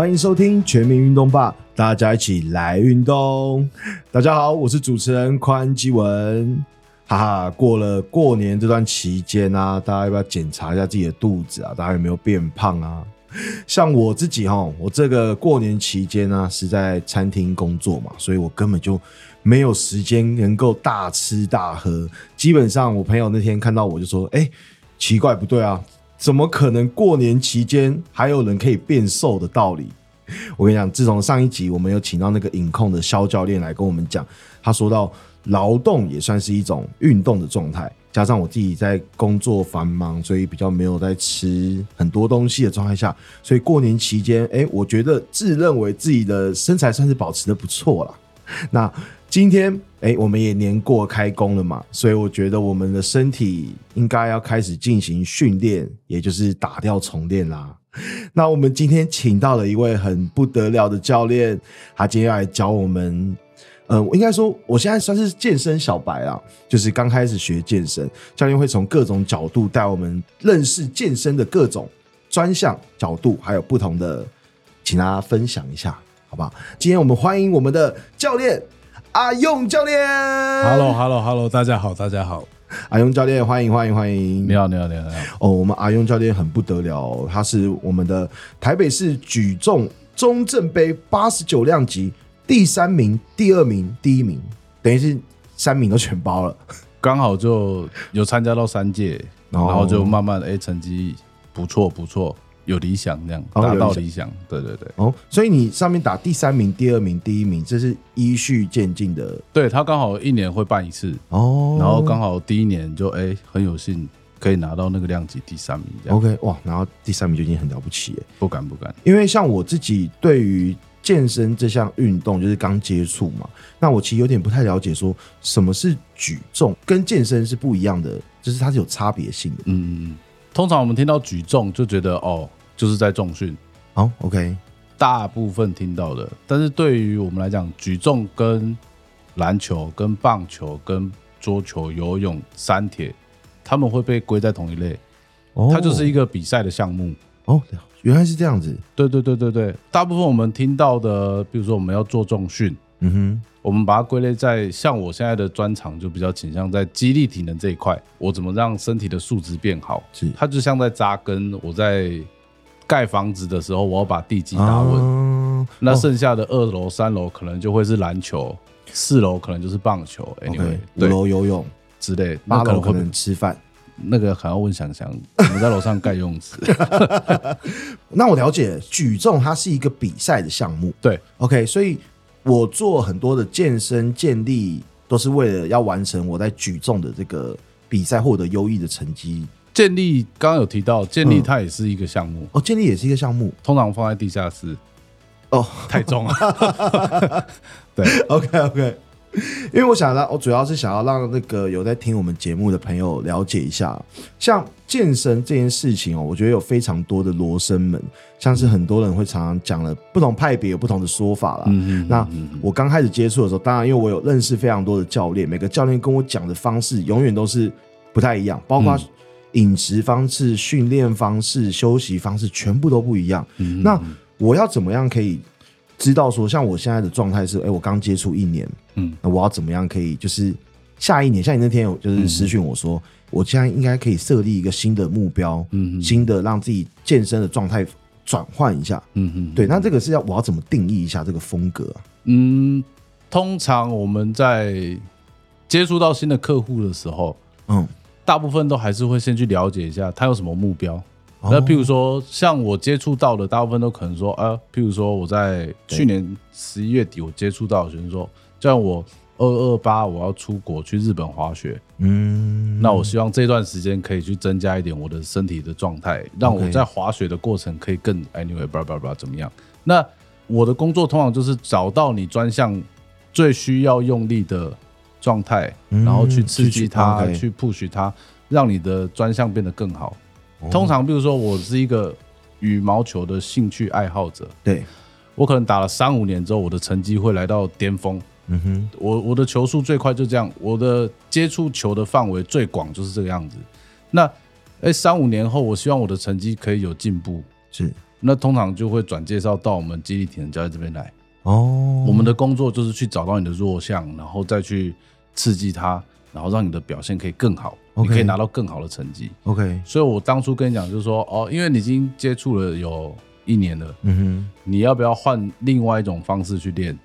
歡迎收聽《全民運動吧》，大家一起來運動。大家好，我是主持人寬嘰文。哈哈，過了過年這段期間啊，大家要不要檢查一下自己的肚子啊？大家有沒有變胖啊？像我自己哈，我這個過年期間呢、啊、是在餐廳工作嘛，所以我根本就沒有時間能夠大吃大喝。基本上，我朋友那天看到我就說：“哎、欸，奇怪，不對啊。”怎麼可能過年期間還有人可以變瘦的道理？我跟你講，自從上一集我們有請到那個影控的蕭教練來跟我們講，他說到勞動也算是一種運動的狀態，加上我自己在工作繁忙，所以比較沒有在吃很多東西的狀態下，所以過年期間，誒、欸，我覺得自認為自己的身材算是保持得不錯啦。那。今天，欸，我們也年過開工了嘛，所以我覺得我們的身體應該要開始進行訓練，也就是打掉重練啦。那我們今天請到了一位很不得了的教練，他今天要來教我們。嗯，應該說，我現在算是健身小白啊，就是剛開始學健身。教練會從各種角度帶我們認識健身的各種專項角度，還有不同的，請大家分享一下，好不好？今天我們歡迎我們的教練。阿勇教練哈嘍哈嘍哈嘍，hello, hello, hello, 大家好，大家好，阿勇教練，歡迎歡迎歡迎，你好你好你好，你好，哦，我們阿勇教練很不得了，哦，他是我們的台北市舉重中正杯八十九量級第三名，第二名，第一名，等於是三名都全包了，剛好就有參加到三屆， 然後就慢慢的哎成績不錯不錯。不錯有理想那樣達、哦、到理想，理想，對對對哦，所以你上面打第三名、第二名、第一名，這是依序漸進的。對，他剛好一年會辦一次哦，然後剛好第一年就哎、欸、很有幸可以拿到那個量級第三名這樣，哦。OK，哇，然後第三名就已經很了不起耶，不敢不敢。因為像我自己對於健身這項運動就是剛接觸嘛，那我其實有點不太了解，說什麼是舉重跟健身是不一樣的，就是它是有差別性的。嗯嗯嗯，通常我們聽到舉重就覺得哦。就是在重訓，好，OK。大部分聽到的，但是對於我們來講，舉重，跟籃球，跟棒球，跟桌球，游泳、三鐵，他們會被歸在同一類。哦，它就是一個比賽的項目。哦，原來是這樣子。對對對對對，對，大部分我們聽到的，比如說我們要做重訓，嗯哼，我們把它歸類在像我現在的專長，就比較傾向在肌力體能這一塊。我怎麼讓身體的素質變好？它就像在扎根，我在。蓋房子的時候，我要把地基打穩、啊。那剩下的二樓、三樓可能就會是籃球，四樓可能就是棒球，哎、okay,，五樓游泳之類，八樓可,可能吃飯。那個還要問翔翔， 你在樓上蓋游泳池 那我了解，舉重它是一個比賽的項目。對，OK，所以我做很多的健身、健力，都是為了要完成我在舉重的這個比賽，獲得優異的成績。健力，剛剛有提到健力它也是一個項目、嗯、哦。健力也是一個項目，通常放在地下室哦，太重了。 對，OK OK，因為我想要讓，我主要是想要讓那個有在聽我們節目的朋友了解一下，像健身這件事情哦，我覺得有非常多的羅生門，像是很多人會常常講了不同派別有不同的說法啦。嗯哼嗯哼，那我剛開始接觸的時候，當然因為我有認識非常多的教練，每個教練跟我講的方式永遠都是不太一樣，包括、嗯。飲食方式、訓練方式、休息方式，全部都不一樣、嗯哼哼。那我要怎麼樣可以知道說，像我現在的狀態是，哎、欸，我剛接觸一年，嗯，那我要怎麼樣可以，就是下一年，像你那天有就是私訊我說、嗯哼哼，我現在應該可以設立一個新的目標，嗯哼哼，新的讓自己健身的狀態轉換一下，嗯嗯，對，那這個是要我要怎麼定義一下這個風格、啊？嗯，通常我們在接觸到新的客戶的時候，嗯。大部分都還是會先去了解一下他有什麼目標。Oh. 那譬如說，像我接觸到的，大部分都可能說，啊，譬如說我在去年十一月底，我接觸到的學生說，yeah. 就像我二二八我要出國去日本滑雪，嗯、mm.，那我希望這段時間可以去增加一點我的身體的狀態，讓我在滑雪的過程可以更 anyway 巴拉巴拉巴拉怎麼樣？那我的工作通常就是找到你專項最需要用力的。狀態，然後去刺激它，嗯 OK，去 push 它，讓你的專項變得更好。哦、通常，比如說我是一個羽毛球的興趣愛好者，對我可能打了三五年之後，我的成績會來到巔峰。嗯哼，我我的球速最快就這樣，我的接觸球的範圍最廣就是這個樣子。那哎，三，欸、五年後，我希望我的成績可以有進步。是，那通常就會轉介紹到我們肌力體能教練這邊來。哦，我們的工作就是去找到你的弱項，然後再去。刺激它，然後讓你的表現可以更好，Okay. 你可以拿到更好的成績。OK，所以我當初跟你講就是說，哦，因為你已經接觸了有一年了，嗯哼，你要不要換另外一種方式去練？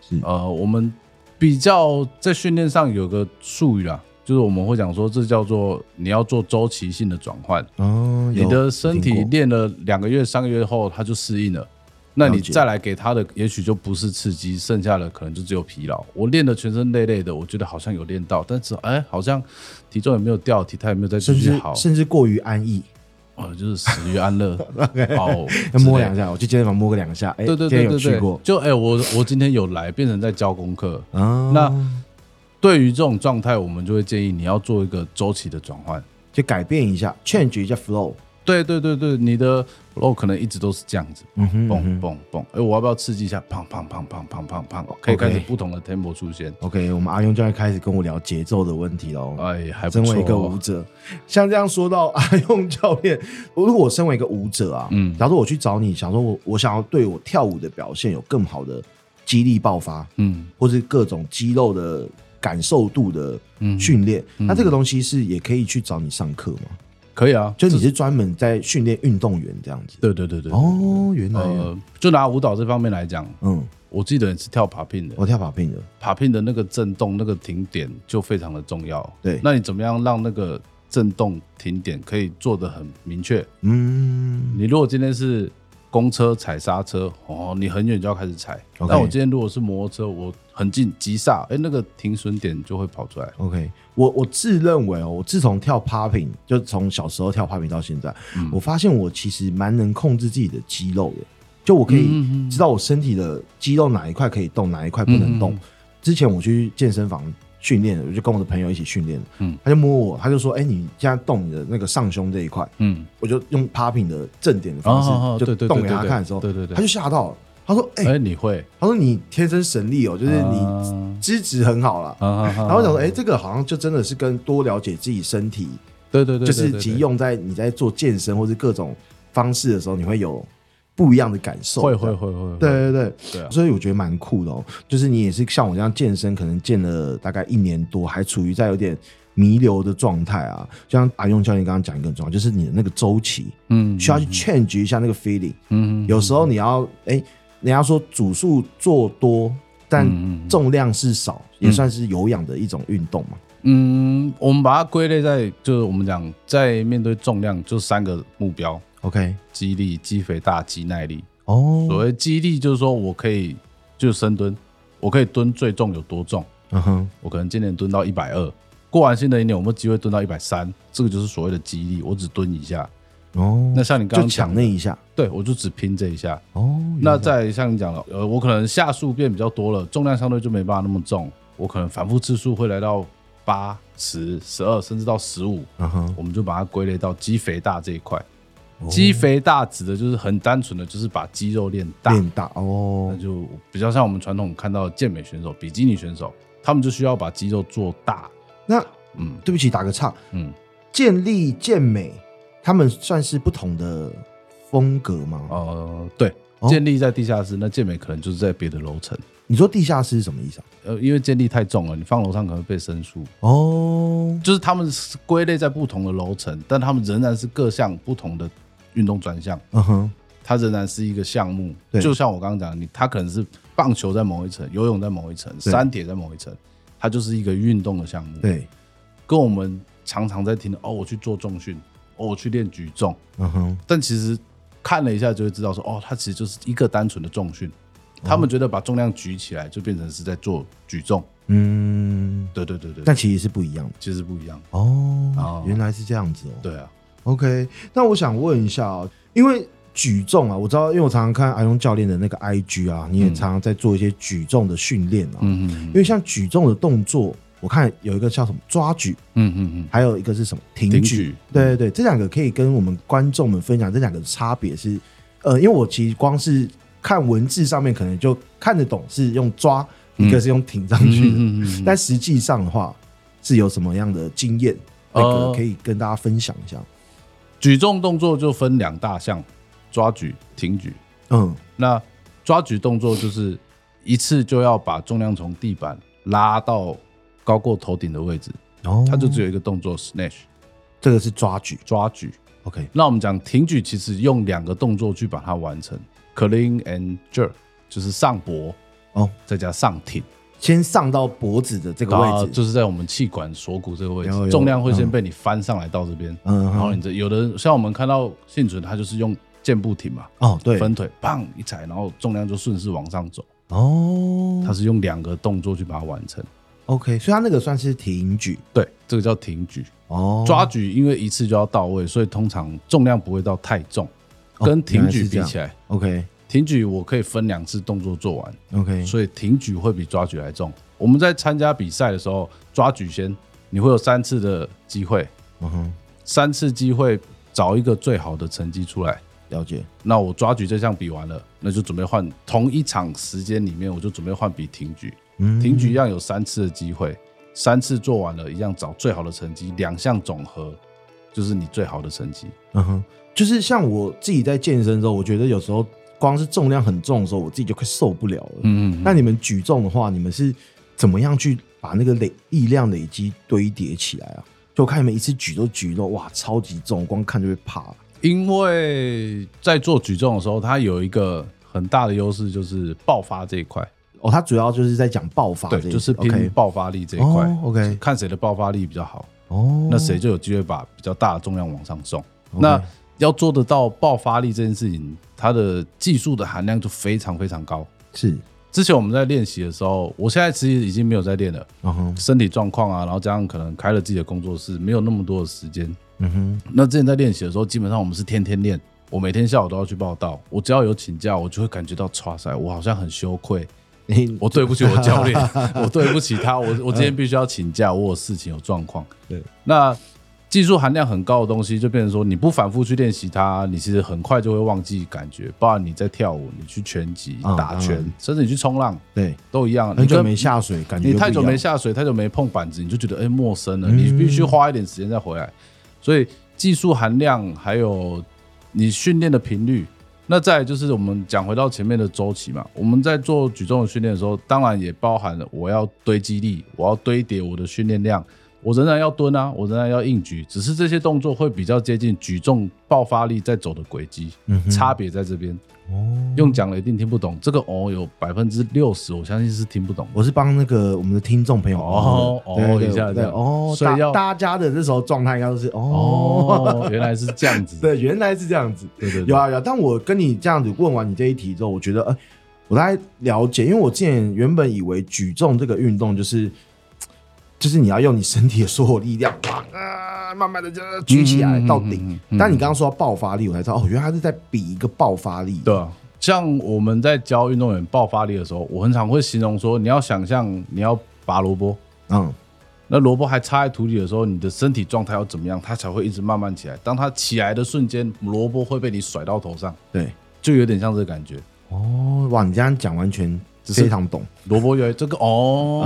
是，呃，我們比較在訓練上有個術語啦，就是我們會講說，這叫做你要做周期性的轉換。哦，你的身體練了兩個月、三個月後，它就適應了。那你再來給他的，也許就不是刺激，剩下的可能就只有疲勞。我練的全身累累的，我覺得好像有練到，但是哎、欸，好像體重也沒有掉，體態也沒有再繼續好，甚至，甚至過於安逸，哦、啊，就是死於安樂。哦、 okay，oh, 要摸兩下，我去健身房摸個兩下，哎、欸，對對對對對，有去過就哎、欸，我我今天有來，變成在交功課、哦。那對於這種狀態，我們就會建議你要做一個周期的轉換，就改變一下 change 一下 flow。對對對對，你的肉、哦、可能一直都是這樣子，蹦蹦蹦。哎、欸，我要不要刺激一下？胖胖胖胖胖胖胖，okay. 可以開始不同的 tempo 出現。OK，、嗯、我們阿勇教練開始跟我聊節奏的問題嘍。哎，還不錯。身為一個舞者，像這樣說到阿勇教練，如果我身為一個舞者啊，嗯，假如說我去找你想說我我想要對我跳舞的表現有更好的激勵爆發，嗯，或者各種肌肉的感受度的訓練、嗯嗯，那這個東西是也可以去找你上課嗎？.可以啊，就你是專門在訓練運動員這樣子。對對對對。哦，原來。呃、就拿舞蹈這方面來講，嗯，我記得你是跳 popping 的、哦。我跳 popping 的，popping 的那個震動、那個停點就非常的重要。對，那你怎麼樣讓那個震動停點可以做得很明確？嗯，你如果今天是公車踩剎車，哦，你很遠就要開始踩。Okay、但我今天如果是摩托車，我很近急剎，哎、欸，那個停損點就會跑出來。OK，我我自認為哦，我自從跳 popping 就從小時候跳 popping 到現在，嗯、我發現我其實蠻能控制自己的肌肉的。就我可以知道我身體的肌肉哪一塊可以動，哪一塊不能動、嗯。之前我去健身房訓練，我就跟我的朋友一起訓練，嗯，他就摸我，他就說：“哎、欸，你現在動你的那個上胸這一塊。”嗯，我就用 popping 的正點的方式，哦、好好就動給他看的時候，哦、對對對，他就嚇到了。他說：“哎、欸欸，你會？”他說：“你天生神力哦，就是你資質很好了。啊啊啊”然後我想說：“哎、欸，這個好像就真的是跟多了解自己身體，對對對，就是即用在你在做健身或者各種方式的時候，你會有不一樣的感受。會會會會，會，對對對，對、啊、所以我覺得蠻酷的。哦，就是你也是像我這樣健身，可能健了大概一年多，還處於在有點彌留的狀態啊。就像阿勇教練剛剛講一個很重要，就是你的那個周期，嗯，嗯，需要去勸局一下那個 feeling 嗯。嗯，有時候你要哎。欸”人家說組數做多，但重量是少，嗯、也算是有氧的一種運動嘛。嗯，我們把它歸類在，就是我們講在面對重量就三個目標，OK，肌力、肌肥大、肌耐力。哦、oh，所謂肌力就是說我可以就深蹲，我可以蹲最重有多重？嗯、uh、哼 -huh，我可能今年蹲到一百二，過完新的一年我有沒有機會蹲到一百三？這個就是所謂的肌力，我只蹲一下。哦、oh,，那像你剛剛講的，就搶那一下，對，我就只拼這一下。哦、oh,，那再像你講的，呃，我可能下數變比較多了，重量相對就沒辦法那麼重，我可能反覆次數會來到八、十、十二，12, 甚至到十五。嗯哼，我們就把它歸類到肌肥大這一塊。Oh. 肌肥大指的就是很單純的就是把肌肉練大，練大哦，oh. 那就比較像我們傳統看到的健美選手、比基尼選手，他們就需要把肌肉做大。那嗯，對不起，打個岔，嗯，健力健美。他們算是不同的風格嗎？呃，對、哦，健力在地下室，那健美可能就是在別的樓層。你說地下室是什麼意思？呃，因為健力太重了，你放樓上可能會被申訴。哦，就是他們歸類在不同的樓層，但他們仍然是各項不同的運動專項。嗯哼，它仍然是一個項目。對。就像我剛剛講，你它可能是棒球在某一層，游泳在某一層，三鐵在某一層，它就是一個運動的項目。對，跟我們常常在聽，哦，我去做重訓。我、哦、去練舉重，嗯哼，但其實看了一下就會知道說，說哦，他其實就是一個單純的重訓。Uh -huh. 他們覺得把重量舉起來就變成是在做舉重，嗯，對對對但其實是不一樣其實是不一樣哦,哦，原來是這樣子哦，對啊，OK。那我想問一下啊、哦，因為舉重啊，我知道，因為我常常看阿勇教練的那個 IG 啊，你也常常在做一些舉重的訓練啊、嗯，因為像舉重的動作。我看有一個叫什麼抓舉，嗯嗯嗯，還有一個是什麼挺舉、挺舉，對對對，這兩個可以跟我們觀眾們分享。這兩個差別是，呃，因為我其實光是看文字上面可能就看得懂，是用抓、嗯，一個是用挺上去的。嗯嗯嗯嗯、但實際上的話，是有什麼樣的經驗、嗯，那個可以跟大家分享一下。呃、舉重動作就分兩大項：抓舉、挺舉。嗯，那抓舉動作就是一次就要把重量從地板拉到高過頭頂的位置，哦、oh,，它就只有一個動作 snatch，這個是抓舉，抓舉，OK。那我們講挺舉，其實用兩個動作去把它完成，clean and jerk，就是上脖哦，oh, 再加上挺，先上到脖子的這個位置，啊、就是在我們氣管鎖骨這個位置有有有，重量會先被你翻上來到這邊，嗯，然後你這有的像我們看到婞淳，它就是用箭步挺嘛，哦、oh,，對，分腿，砰一踩，然後重量就順勢往上走，哦、oh,，它是用兩個動作去把它完成。OK，所以它那個算是挺舉，對，這個叫挺舉。哦，抓舉因為一次就要到位，所以通常重量不會到太重，哦、跟挺舉比起來，來，OK，挺舉我可以分兩次動作做完，OK，所以挺舉會比抓舉還重。我們在參加比賽的時候，抓舉先，你會有三次的機會、哦，三次機會找一個最好的成績出來。了解，那我抓舉這項比完了，那就準備換同一場時間裡面，我就準備換比挺舉。挺舉一樣有三次的機會，三次做完了，一樣找最好的成績。兩項總和就是你最好的成績。嗯哼，就是像我自己在健身的時候，我覺得有時候光是重量很重的時候，我自己就快受不了了。嗯哼。嗯，那你們舉重的話，你們是怎麼樣去把那個累力量累積堆疊起來啊？就看你們一次舉都舉到哇，超級重，光看就會怕。因為在做舉重的時候，它有一個很大的優勢，就是爆發這一塊。哦，他主要就是在講爆發，對，就是拼爆發力這一塊。OK，看誰的爆發力比較好，哦、oh, okay，那誰就有機會把比較大的重量往上送，oh, okay。那要做得到爆發力這件事情，它的技術的含量就非常非常高。是，之前我們在練習的時候，我現在其實已經沒有在練了。嗯哼，身體狀況啊，然後加上可能開了自己的工作室，沒有那麼多的時間。嗯哼，那之前在練習的時候，基本上我們是天天練。我每天下午都要去報到。我只要有請假，我就會感覺到哇塞，我好像很羞愧。我對不起我教練， 我對不起他，我我今天必須要請假，我有事情，有狀況。對，那技術含量很高的東西，就變成說，你不反覆去練習它，你其實很快就會忘記感覺。不然你在跳舞，你去拳擊打拳、嗯嗯，甚至你去衝浪，對，都一樣。你就沒下水，感覺你太久沒下水，太久沒碰板子，你就覺得哎、欸、陌生了。你必須花一點時間再回來。嗯、所以技術含量還有你訓練的頻率。那再來就是我們講回到前面的周期嘛，我們在做舉重的訓練的時候，當然也包含了我要堆肌力，我要堆疊我的訓練量。我仍然要蹲啊，我仍然要硬舉，只是這些動作會比較接近舉重爆發力在走的軌跡，嗯，差別在這邊，哦。用講了一定聽不懂，這個哦有百分之六十，我相信是聽不懂。我是幫那個我們的聽眾朋友哦哦對對對一下這樣對哦，所以大家的這時候狀態應該都、就是哦，哦 原來是這樣子，對，原來是這樣子，對對，對，對。有啊有啊，但我跟你這樣子問完你這一題之後，我覺得哎、呃，我大概了解，因為我之前原本以為舉重這個運動就是。就是你要用你身體的所有力量，啊，慢慢的就舉起來到頂。嗯嗯嗯嗯。但你剛剛說到爆發力，我才知道哦，原來它是在比一個爆發力。對，像我們在教運動員爆發力的時候，我很常會形容說，你要想象你要拔蘿蔔，嗯，那蘿蔔還插在土裡的時候，你的身體狀態要怎麼樣，它才會一直慢慢起來？當它起來的瞬間，蘿蔔會被你甩到頭上。對，就有點像這個感覺。哦，哇，你這樣講完全。非常懂蘿蔔圓這個哦、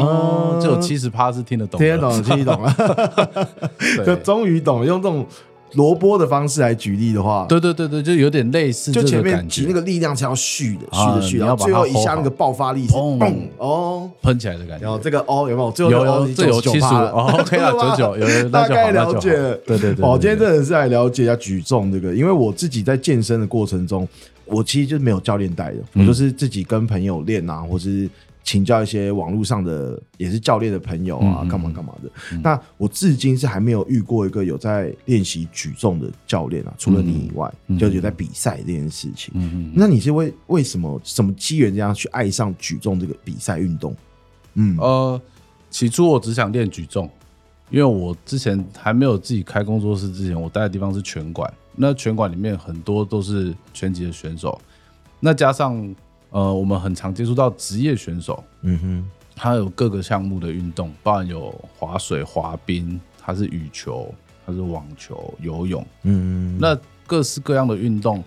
嗯嗯，這有七十趴是聽得懂，的懂，聽得懂，聽得懂了， 就終於懂了。用這種蘿蔔的方式來舉例的話，對對對對，就有點類似，就前面舉那個力量是要蓄的，蓄、啊、的蓄，然後，然後最後一下那個爆發力是嘣哦噴起來的感覺。這個哦有沒有？最後有有最有七十哦了，推到九九，okay 啊、99， 有那就好，大概了解了，對對對，對，對，對，對，對、哦，我今天真的是來了解一下舉重這個，因為我自己在健身的過程中。我其實就是沒有教練帶的，我就是自己跟朋友練啊，嗯、或是請教一些網絡上的也是教練的朋友啊，幹、嗯嗯嗯、嘛幹嘛的。嗯嗯，那我至今是還沒有遇過一個有在練習舉重的教練啊，除了你以外，嗯嗯，就有在比賽這件事情。嗯嗯，那你是為為什麼什麼機緣這樣去愛上舉重這個比賽運動？嗯呃，起初我只想練舉重，因為我之前還沒有自己開工作室之前，我待的地方是拳館。那拳館裡面很多都是拳擊的選手，那加上呃，我們很常接觸到職業選手，嗯哼，他有各個項目的運動，包含有滑水、滑冰，還是羽球，還是網球、游泳，嗯，嗯，嗯，那各式各樣的運動，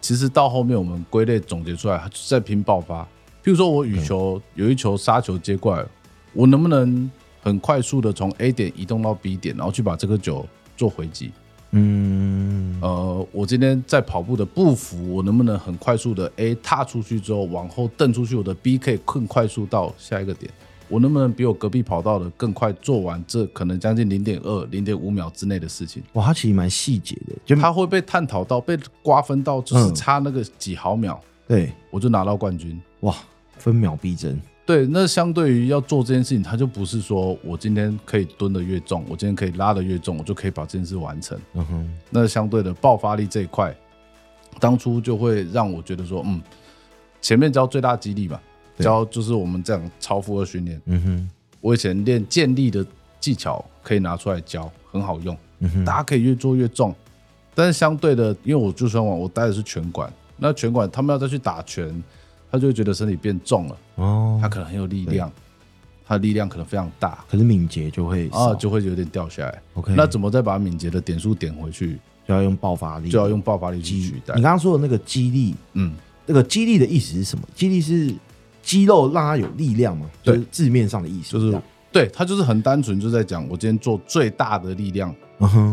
其實到後面我們歸類總結出來，還在拼爆發。譬如說我羽球、嗯、有一球殺球接過來，我能不能很快速的從 A 點移動到 B 點，然後去把這個球做回擊？嗯，呃，我今天在跑步的步幅，我能不能很快速的 A 踏出去之後，往後蹬出去我的 B 可以更快速到下一個點，我能不能比我隔壁跑道的更快做完這可能將近零點二、零點五秒之內的事情？哇，它其實蠻細節的，就它會被探討到，被瓜分到，就是差那個幾毫秒，對、嗯、我就拿到冠軍。哇，分秒必爭。對，那相對於要做這件事情，它就不是說我今天可以蹲的越重，我今天可以拉的越重，我就可以把這件事完成。Uh -huh. 那相對的爆發力這一塊，當初就會讓我覺得說，嗯，前面教最大肌力嘛，教就是我們這樣超負荷訓練。嗯哼，我以前練健力的技巧可以拿出來教，很好用。Uh-huh. 大家可以越做越重，但是相對的，因為我就上網，我待的是拳館，那拳館他們要再去打拳。他就會覺得身體變重了，哦、oh，他可能很有力量，他的力量可能非常大，可是敏捷就會啊，就會有點掉下來。OK，那怎麼再把敏捷的點數點回去？就要用爆發力，就要用爆發力去取代。你剛剛說的那個肌力，嗯，那個肌力的意思是什麼？肌力是肌肉讓它有力量嗎？對，就是、字面上的意思是就是，對他就是很單純，就在講我今天做最大的力量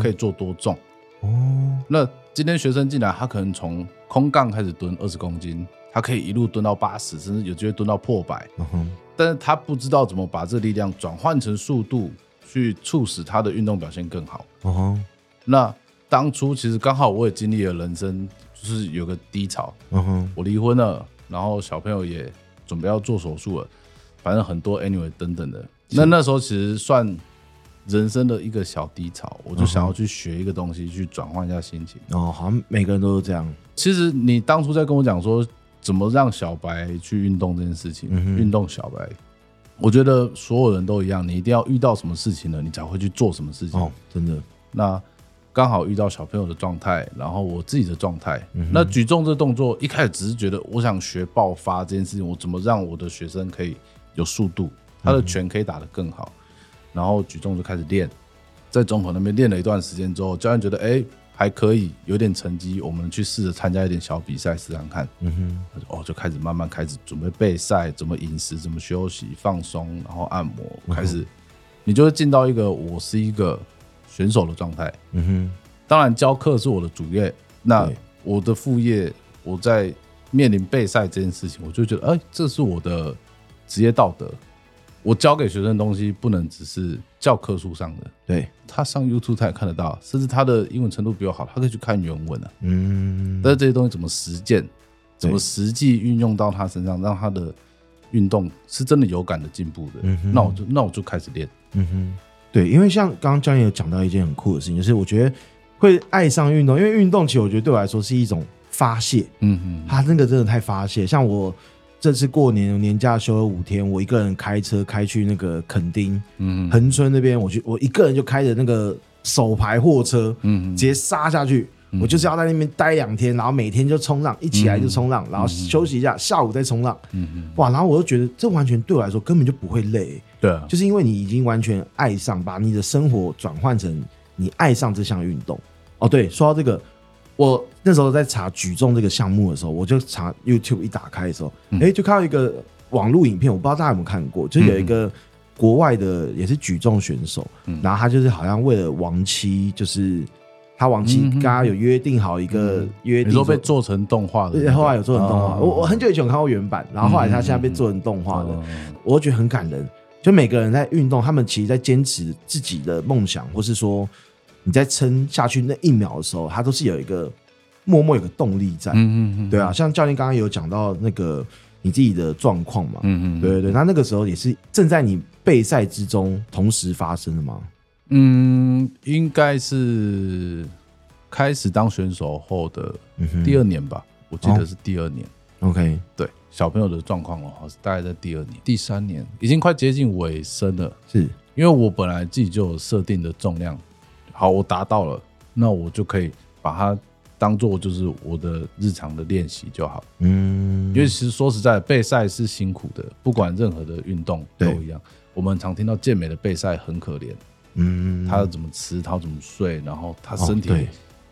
可以做多重。哦、uh-huh.，那今天學生進來，他可能從空槓開始蹲二十公斤。他可以一路蹲到八十，甚至有機會蹲到破百，但是他不知道怎麼把這力量轉換成速度，去促使他的運動表現更好。Uh -huh. 那當初其實剛好我也經歷了人生，就是有個低潮，uh -huh. 我離婚了，然後小朋友也準備要做手術了，反正很多 anyway 等等的。那那時候其實算人生的一個小低潮，uh -huh. 我就想要去學一個東西，去轉換一下心情。哦，uh -huh. 好像每個人都是這樣。其實你當初在跟我講說。怎麼讓小白去運動這件事情？嗯、運動小白，我覺得所有人都一樣，你一定要遇到什麼事情了，你才會去做什麼事情。哦，真的。那剛好遇到小朋友的狀態，然後我自己的狀態，嗯。那舉重這動作一開始只是覺得我想學爆發這件事情，我怎麼讓我的學生可以有速度，他的拳可以打得更好，嗯，然後舉重就開始練，在中和那邊練了一段時間之後，教練覺得哎。欸還可以有點成績，我們去試着參加一點小比賽，試看看。嗯哼，哦，就開始慢慢開始準備備賽，怎麼飲食，怎麼休息放鬆，然後按摩，開始，你就會進到一個我是一個選手的狀態。嗯哼，當然教課是我的主業，那我的副業，我在面臨備賽這件事情，我就覺得誒，這是我的職業道德。我教給學生的東西不能只是教科書上的對，對他上 YouTube 他也看得到，甚至他的英文程度比我好，他可以去看原文啊。嗯，但是這些東西怎麼實踐，怎麼實際運用到他身上，讓他的運動是真的有感的進步的，那我就那我就開始練、嗯。嗯哼，對，因為像剛剛教練有講到一件很酷的事情，就是我覺得會愛上運動，因為運動其實我覺得對我來說是一種發洩。嗯哼，他、啊、那個真的太發洩，像我。這次過年年假休了五天，我一個人開車開去那個墾丁，嗯，恆春那邊，我去，我一個人就開着那個手排貨車，嗯，直接殺下去、嗯，我就是要在那邊待兩天，然後每天就衝浪，一起來就衝浪，嗯、然後休息一下、嗯，下午再衝浪，嗯嗯，哇，然後我就覺得這完全對我來說根本就不會累、欸，對、啊，就是因為你已經完全愛上，把你的生活轉換成你愛上這項運動。哦，對，說到這個。我那時候在查舉重這個項目的時候，我就查 YouTube 一打開的時候，哎、嗯欸，就看到一個網絡影片，我不知道大家有沒有看過，就有一個國外的也是舉重選手，嗯、然後他就是好像為了亡妻，就是他亡妻跟他有約定好一個約定，嗯嗯、你說被做成動畫了。後來有做成動畫、哦，我我很久以前看過原版，然後後來他現在被做成動畫的嗯嗯嗯嗯，我覺得很感人。就每個人在運動，他們其實在堅持自己的夢想，或是說。你在撐下去那一秒的時候，它都是有一個默默有個動力在，嗯嗯嗯，對啊，像教練剛剛也有講到那個你自己的狀況嘛，嗯嗯，對對對，那那個時候也是正在你備賽之中同時發生的嗎？嗯，應該是開始當選手後的第二年吧，我記得是第二年。OK，哦，對，小朋友的狀況哦，是大概在第二年、第三年，已經快接近尾聲了。是，因為我本來自己就有設定的重量。好，我達到了，那我就可以把它當做就是我的日常的練習就好。嗯，因為其實說實在，備賽是辛苦的，不管任何的運動都一樣。我們常聽到健美的備賽很可憐，嗯，他怎麼吃，他怎麼睡，然後他身體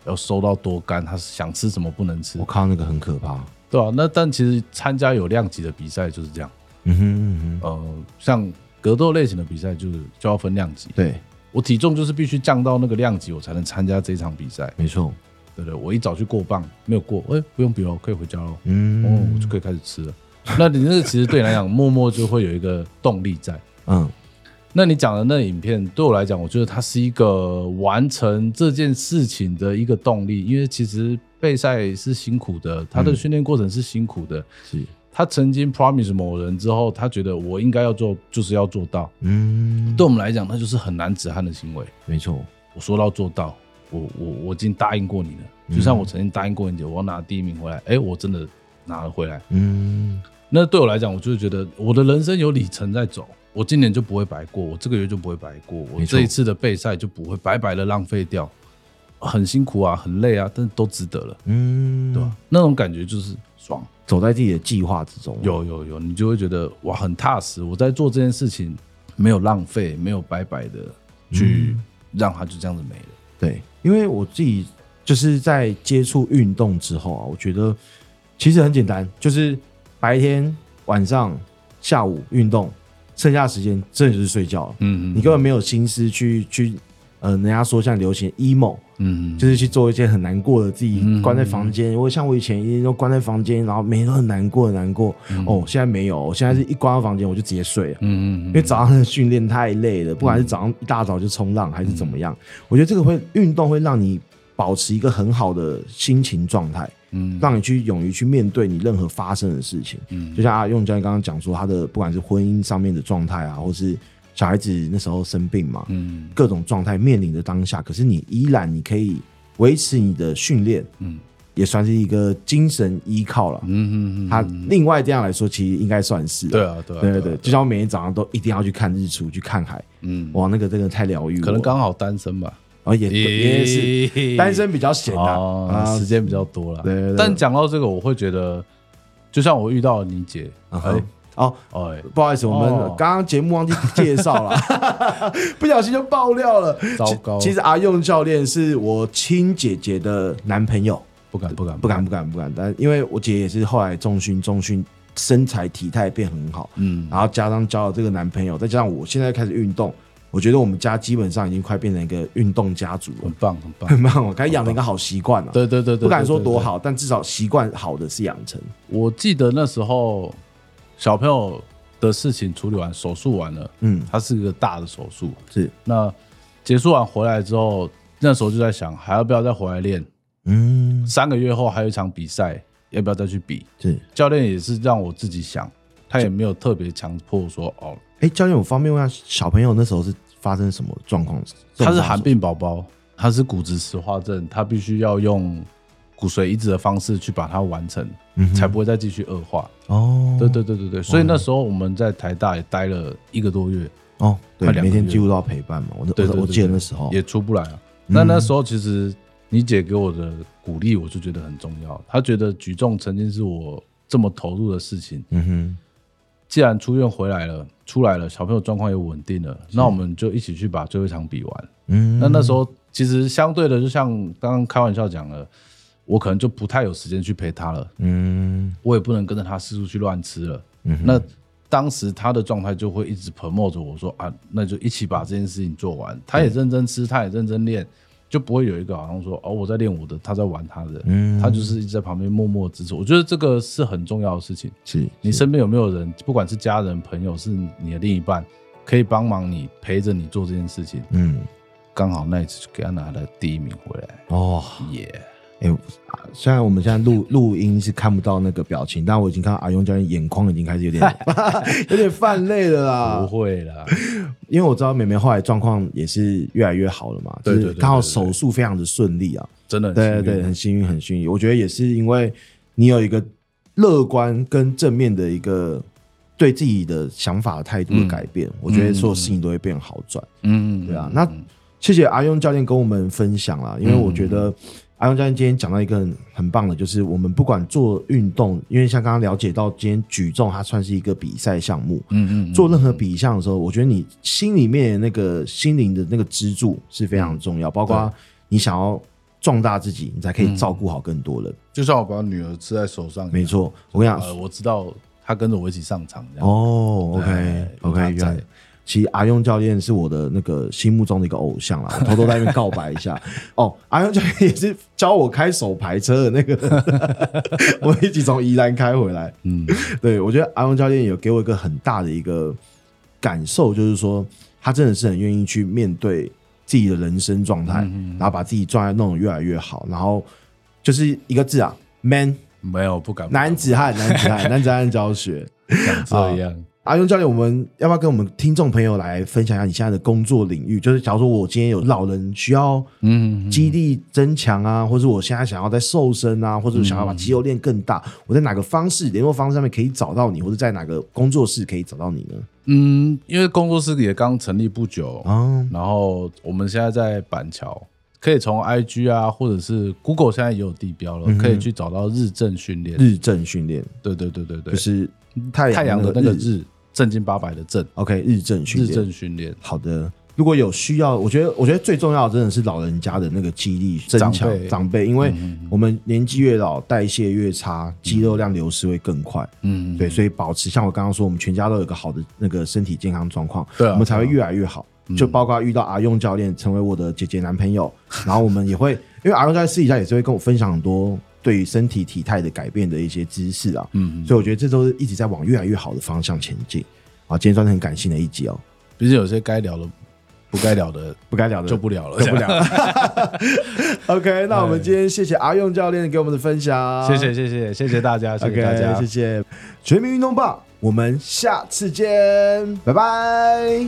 要瘦到多乾，他、哦、想吃什麼不能吃。我看那個很可怕。對啊，那但其實參加有量級的比賽就是這樣。嗯哼嗯哼，呃，像格鬥類型的比賽就是就要分量級。對。我體重就是必須降到那個量級，我才能參加這場比賽。沒錯，對對對，我一早就過磅，沒有過，哎，不用比了，可以回家了。嗯，哦，我就可以開始吃了、嗯。那你那其實對你來講，默默就會有一個動力在。嗯，那你講的那個影片對我來講，我覺得它是一個完成這件事情的一個動力，因為其實備賽是辛苦的，他的訓練過程是辛苦的、嗯。是。他曾經 promise 某人之後，他覺得我應該要做，就是要做到。嗯，對我們來講，那就是很男子漢的行為。沒錯，我說到做到，我我我已經答應過你了，嗯，就像我曾經答應過你，我要拿第一名回來，哎，我真的拿了回來。嗯，那對我來講，我就覺得我的人生有里程在走，我今年就不會白過，我這個月就不會白過，我這一次的備賽就不會白白的浪費掉，很辛苦啊，很累啊，但是都值得了。嗯，對吧？那種感覺就是爽。走在自己的計劃之中、啊，有有有，你就會覺得哇，很踏實。我在做這件事情，沒有浪費，沒有白白的去讓它就這樣子沒了、嗯。對，因為我自己就是在接觸運動之後啊，我覺得其實很簡單，就是白天、晚上、下午運動，剩下的時間真的就是睡覺了。嗯，嗯，嗯，你根本沒有心思去去。呃、人家說像流行 emo，嗯，就是去做一些很難過的，自己關在房間。嗯、如果像我以前，一直都關在房間，然後每天都很難過，很難過。嗯、哦，現在沒有，我現在是一關到房間我就直接睡了。嗯嗯，因為早上訓練太累了，不管是早上一大早就衝浪、嗯、還是怎麼樣、嗯，我覺得這個會運動會讓你保持一個很好的心情狀態，嗯，讓你去勇於去面對你任何發生的事情。嗯，就像阿勇教練剛剛講說，他的不管是婚姻上面的狀態啊，或是。小孩子那時候生病嘛，嗯，各種狀態面臨的當下，可是你依然你可以維持你的訓練，嗯，也算是一個精神依靠了，嗯嗯嗯。他另外這樣來說，其實應該算是對啊對對對，就像我每天早上都一定要去看日出，去看海，嗯，哇，那個真的太療癒了。可能剛好單身吧，然後也也是單身比較閒啊，時間比較多了。對，但講到這個，我會覺得，就像我遇到了你姐，哦、oh, oh，不好意思，oh, 我們剛剛節目忘記介紹了、oh.， 不小心就爆料了。糟糕，其實阿勇教練是我親姐姐的男朋友，不不不不。不敢，不敢，不敢，不敢，不敢。但因為我姐也是後來重訓，重訓身材體態變很好。嗯，然後加上交了這個男朋友，再加上我現在開始運動，我覺得我們家基本上已經快變成一個運動家族了。很棒，很棒，很棒！我剛養了一個好習慣了。對對對，對，不敢說多好，但至少習慣好的是養成。我記得那時候。小朋友的事情處理完，手術完了，嗯，他是一個大的手術，是。那結束完回來之後，那時候就在想，還要不要再回來練？嗯，三個月後還有一場比賽，要不要再去比？是。教練也是讓我自己想，他也沒有特別強迫說哦。誒、欸、教練，我方便問下小朋友那時候是發生什麼狀況？他是罕病寶寶，他是骨質石化症，他必須要用。骨髓移植的方式去把它完成，嗯、才不會再繼續惡化。哦，對對對對對，所以那時候我們在台大也待了一個多月。哦，對，每天幾乎都要陪伴嘛。我都對對對對對我姐的時候也出不來啊、嗯。那那時候其實你姐給我的鼓勵，我是覺得很重要、嗯。她覺得舉重曾經是我這麼投入的事情。嗯哼，既然出院回來了，出來了，小朋友狀況也穩定了，那我們就一起去把最後一場比完。嗯，那那時候其實相對的，就像剛剛開玩笑講的。我可能就不太有時間去陪他了，嗯，我也不能跟着他四處去亂吃了，嗯，那當時他的狀態就會一直默默着我說啊，那就一起把這件事情做完。他也認真吃，他也認真練，就不會有一個好像說哦，我在練我的，他在玩他的，嗯，他就是一直在旁邊默默支持。我覺得這個是很重要的事情。是你身邊有沒有人，不管是家人、朋友，是你的另一半，可以幫忙你陪着你做這件事情？嗯，剛好那一次就給他拿了第一名回來哦，耶。哎、欸，雖然我們現在錄錄音是看不到那個表情， 但我已經看到阿勇教練眼眶已經開始有點 有點泛淚了啦。不會啦，因為我知道妹妹後來狀況也是越來越好了嘛，對，對，對，對，對，對，對，就是她手術非常的順利啊，真的很，對對對，很幸運，很幸運。我覺得也是因為你有一個樂觀跟正面的一個對自己的想法態度的改變，嗯，我覺得所有事情都會變好轉。嗯，嗯，嗯，對啊，那謝謝阿勇教練跟我們分享啦，嗯嗯，因為我覺得。阿勇教練今天講到一個很棒的，就是我們不管做運動，因為像剛剛了解到，今天舉重它算是一個比賽項目。嗯嗯、嗯。嗯、做任何比項的時候，嗯嗯，我覺得你心裡面的那個心靈的那個支柱是非常重要。包括你想要壯大自己，你才可以照顧好更多人。就算我把女兒吃在手上。沒錯。我跟你講，呃、我知道她跟着我一起上場這樣。哦對。OK, okay。OK。其實阿勇教練是我的那個心目中的一個偶像啦，偷偷在那邊告白一下 哦。阿勇教練也是教我開手排車的那個， 我一起從宜蘭開回來。嗯，對，我覺得阿勇教練有給我一個很大的一個感受，就是說他真的是很願意去面對自己的人生狀態，嗯嗯，然後把自己狀態弄得越來越好，然後就是一個字啊，man，沒有不敢，男子漢，男子漢， 男子漢教學，這樣。啊阿勇教練，我們要不要跟我們聽眾朋友來分享一下你現在的工作領域？就是假如說我今天有老人需要嗯，肌力增強啊，或者我現在想要在瘦身啊，或者想要把肌肉練更大，我在哪個方式聯絡方式上面可以找到你，或者在哪個工作室可以找到你呢？嗯，因為工作室也剛成立不久，啊，然後我們現在在板橋，可以從 IG 啊，或者是 Google 現在也有地標了，嗯，可以去找到日正訓練。日正訓練，對對對對對，就是太陽的那個日。正經八百的正，OK，日正訓練，日正訓練，好的。如果有需要，我覺得，我覺得最重要的真的是老人家的那個肌力增強，長輩，長輩長輩，因為我們年紀越老，代謝越差，肌肉量流失會更快，嗯，對，所以保持像我剛剛說，我們全家都有個好的那個身體健康狀況，對、啊，我們才會越來越好。嗯、就包括遇到阿勇教練，成為我的姐姐男朋友，然後我們也會， 因為阿勇在私底下也是會跟我分享很多。對於身體體態的改變的一些知識啊，嗯，嗯，所以我覺得這都是一直在往越來越好的方向前進啊。今天算是很感性的一集哦，就是有些該聊的，不該聊的，不該聊的就不聊了，了， 就不聊了，了。 OK， 那我們今天謝謝阿勇教練給我們的分享 謝謝，謝謝謝謝謝謝大家，謝謝大家、okay，謝謝全民運動報，我們下次見，拜拜。